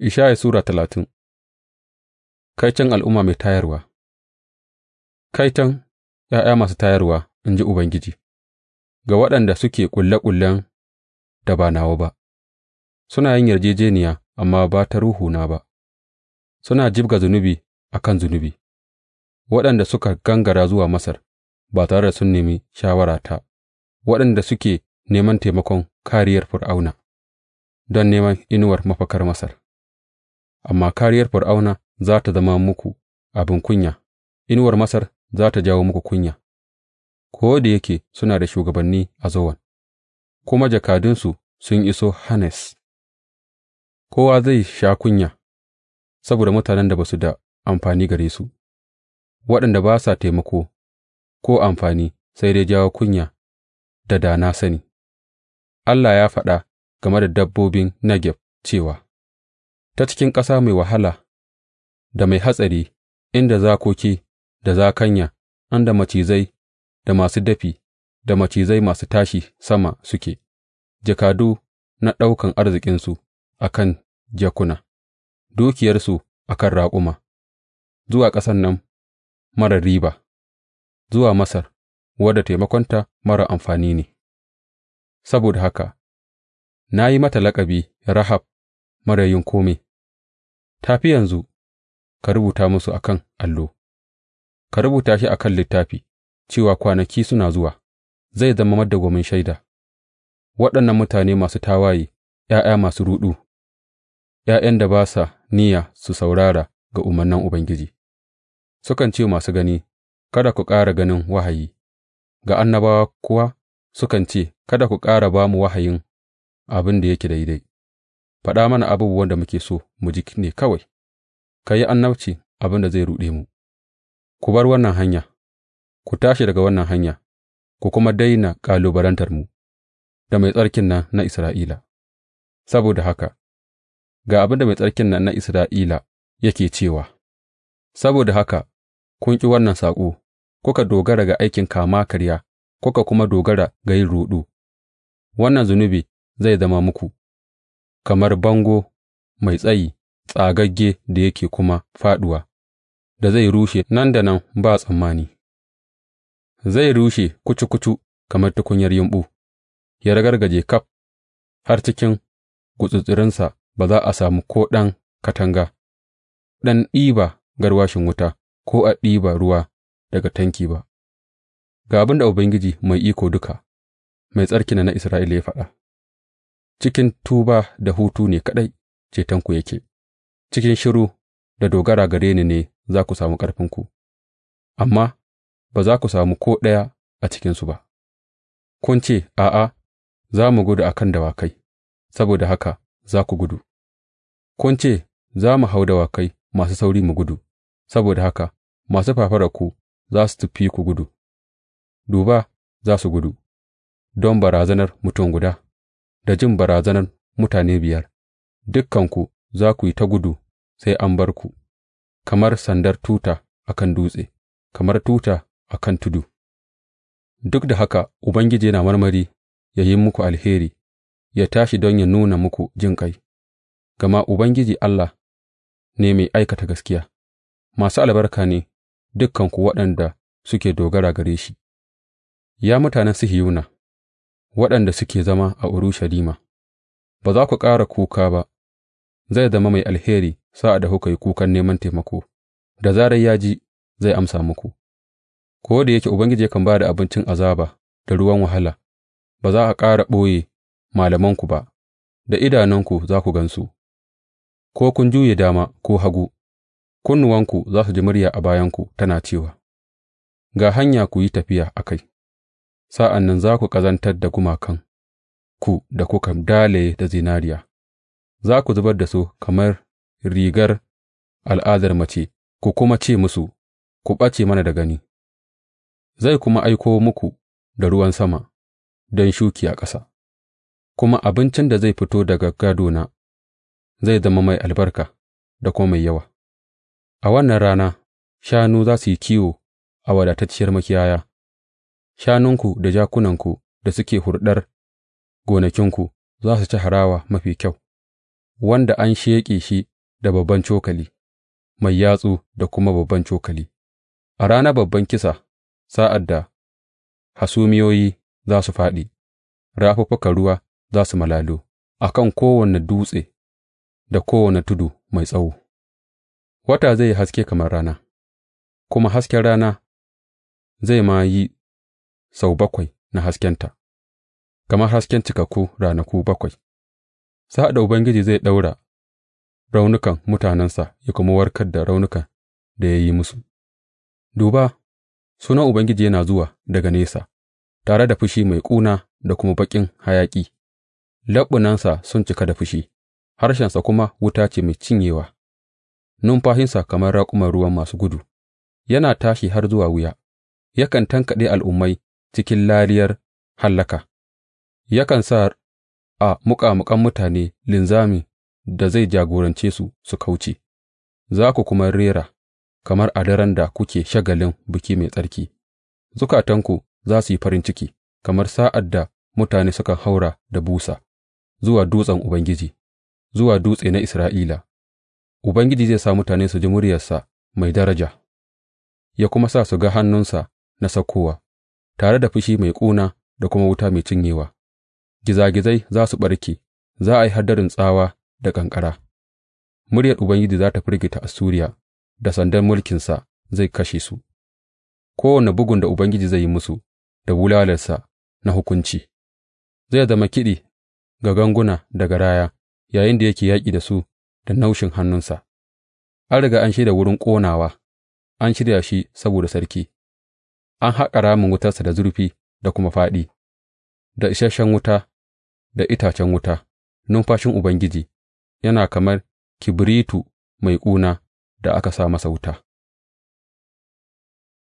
Ishaya Sura talatin Kaiton al'umma mai tayarwa Kaiton ’ya'ya masu tayarwa, in ji Ubangiji, ga waɗanda suke ƙulle ƙullen da ba nawa ba, suna yin yarjejeniya, amma ba ta ruhuna ba, suna jibga zunubi a kan zunubi, waɗanda suka gangara zuwa Masar ba tare da sun nemi shawarata, waɗanda suke neman taimakon kariyar Fir'auna don neman inuwar mafakar Masar. amma kariyar Fir'auna za tă zama muku abin kunya, inuwar Masar za tă jawo muku kunya, ko da yake suna da shugabanni a Zowan, kuma jakadunsu sun iso Hanes, kowa zai sha kunya saboda mutanen da ba su da amfani gare su, waɗanda ba sa taimako ko amfani sai dai jawo kunya da da na sani. Allah ya faɗa game da dabbobin Negev cewa. ta cikin ƙasa mai wahala da mai hatsari, inda zakoki da zakanya, inda macizai da masu dafi, da macizai masu tashi sama suke, jakadu na ɗaukan arzikinsu a kan jakuna, dukiyarsu a kan raƙuma, zuwa ƙasan nan marar riba, zuwa Masar, wadda taimakonta marar amfani ne. Saboda haka, na yi mata laƙabi Rahab marar yin kome. tafi yanzu ka rubuta musu a kan allo, ka rubuta shi a kan littafi, cewa kwanaki suna zuwa, zai zama madawwamin shaida, waɗannan mutane masu tawaye, ’ya'ya masu ruɗu, ’ya'yan da ba sa niyya su saurara ga umarnan Ubangiji, sukan ce masu gani, Kada ku ƙara ganin wahayi, ga annabawa kuwa sukan ce, Kada ku ƙara ba mu wahayin abin da yake daidai. Faɗa mana abubuwan da muke so mu ji ne kawai; ka yi annabci abin da zai ruɗe mu, Ku bar wannan hanya, ku tashi daga wannan hanya, ku kuma daina mu da Mai Tsarkin nan na Isra'ila, saboda haka ga abin da Mai Tsarkin nan na Isra'ila yake cewa, Saboda haka kun ƙi wannan saƙo, kuka dogara ga aikin kama karya kuka kuma dogara ga yin ruɗu, wannan zunubi zai zama muku. kamar bango mai tsayi, tsagagge da yake kuma fāɗuwa, da zai rushe nan da nan ba tsammani, zai rushe kucu kucu kamar tukunyar yumɓu, ya ragargaje kaf har cikin gutsutsurinsa ba za a samu ko ɗan katanga, ɗan ɗiba garwashin wuta ko a ɗiba ruwa daga tanki ba, ga abin da Ubangiji Mai Iko Duka, Mai Tsarkin nan na Isra'ila ya faɗa. Cikin tuba da hutu ne kaɗai cetonku yake; cikin shiru da dogara gare ni ne za ku samu ƙarfinku, amma ba za ku samu ko ɗaya a cikinsu ba; kun ce, A'a, za mu gudu a kan dawakai, saboda haka za ku gudu; kun ce, Za mu hau dawakai masu sauri mu gudu, saboda haka masu fafararku za su tufi ku gudu; duba, za su gudu don barazanar mutum guda. da jin barazanar mutane biyar, dukanku za ku yi ta gudu sai an bar ku, kamar sandar tuta a kan dutse, kamar tuta a kan tudu. Duk da haka Ubangiji yana marmari ya yi muku alheri, ya tashi don ya nuna muku jin jinƙai, gama Ubangiji Allah ne mai aikata gaskiya, masu albarka ne dukanku waɗanda suke dogara gare shi. Ya mutanen yuna. waɗanda suke zama a Urushalima, ba za ku ƙara kuka ba, zai zama mai alheri sa'ad da kuka yi kukan neman taimako, da zarar ya ji zai amsa muku, ko da yake Ubangiji yakan ba da abincin azaba da ruwan wahala, ba za a ƙara ɓoye malamanku ba, da idanunku za ku gansu, ko kun juye dama ko hagu, kunnuwanku za su ji murya a bayanku tana cewa, Ga hanya ku yi tafiya a kai. sa'an nan za ku ƙazantar da gumakan ku da kuka dalaye da zinariya, za ku zubar da su kamar rigar al'adar mace, ku kuma ce musu, Ku ɓace mana da gani, zai kuma aiko muku da ruwan sama don shuki a ƙasa, kuma abincin da zai fito daga gadona zai zama mai albarka da kuma mai yawa. A wannan rana, shanu za su yi kiwo a wadatacciyar makiyaya, Shanunku da jakunanku da suke hurɗar gonakinku za su ci harawa mafi kyau, wanda an sheƙe shi da babban cokali mai yatsu da kuma babban cokali, a ranar babban kisa, sa'ad da hasumiyoyi za su fāɗi, rafuffuka ruwa za su malalo a kan kowane dutse da kowane tudu mai tsawo; wata zai yi haske kamar rana, kuma hasken rana zai ma yi sau bakwai na haskenta, kamar hasken cikakku ranaku bakwai, sa'ad da Ubangiji zai ɗaura raunukan mutanensa ya kuma warkar da raunukan da ya yi musu. Duba, sunan Ubangiji yana zuwa daga nesa, tare da fushi mai ƙuna da kuma baƙin hayaƙi, laɓunansa sun cika da fushi, harshensa kuma wuta ce mai cinyewa. Numfahinsa kamar raƙuman ruwan masu gudu, yana tashi har zuwa wuya, yakan tankaɗe al'ummai cikin lariyar hallaka, yakan sa a muƙamuƙan mutane linzamin da zai jagorance su su kauce, za ku kuma rera kamar a daren da kuke shagalin biki mai tsarki, zukatanku za su yi farin ciki kamar sa'ad da mutane sukan haura da busa zuwa dutsen Ubangiji, zuwa dutse na Isra'ila. Ubangiji zai sa mutane su ji muryarsa mai daraja, ya kuma sa su ga hannunsa na saukowa. tare da fushi mai ƙuna da kuma wuta mai cinyewa, gizagizai za su ɓarke, za a yi hadarin tsawa da ƙanƙara, muryar Ubangiji za ta firgita Assuriya, da sandan mulkinsa zai kashe su, kowane bugun da Ubangiji zai yi musu da bulalarsa na hukunci, zai zama kiɗi ga ganguna da garaya da yake yaƙi da su da naushin hannunsa, an riga an shirya wurin ƙonawa, an shirya shi saboda sarki. an haƙa ramin wutarsa da zurfi da kuma fāɗi, da isasshen wuta da itacen wuta, numfashin Ubangiji yana kamar kibiritu mai ƙuna da aka sa masa wuta.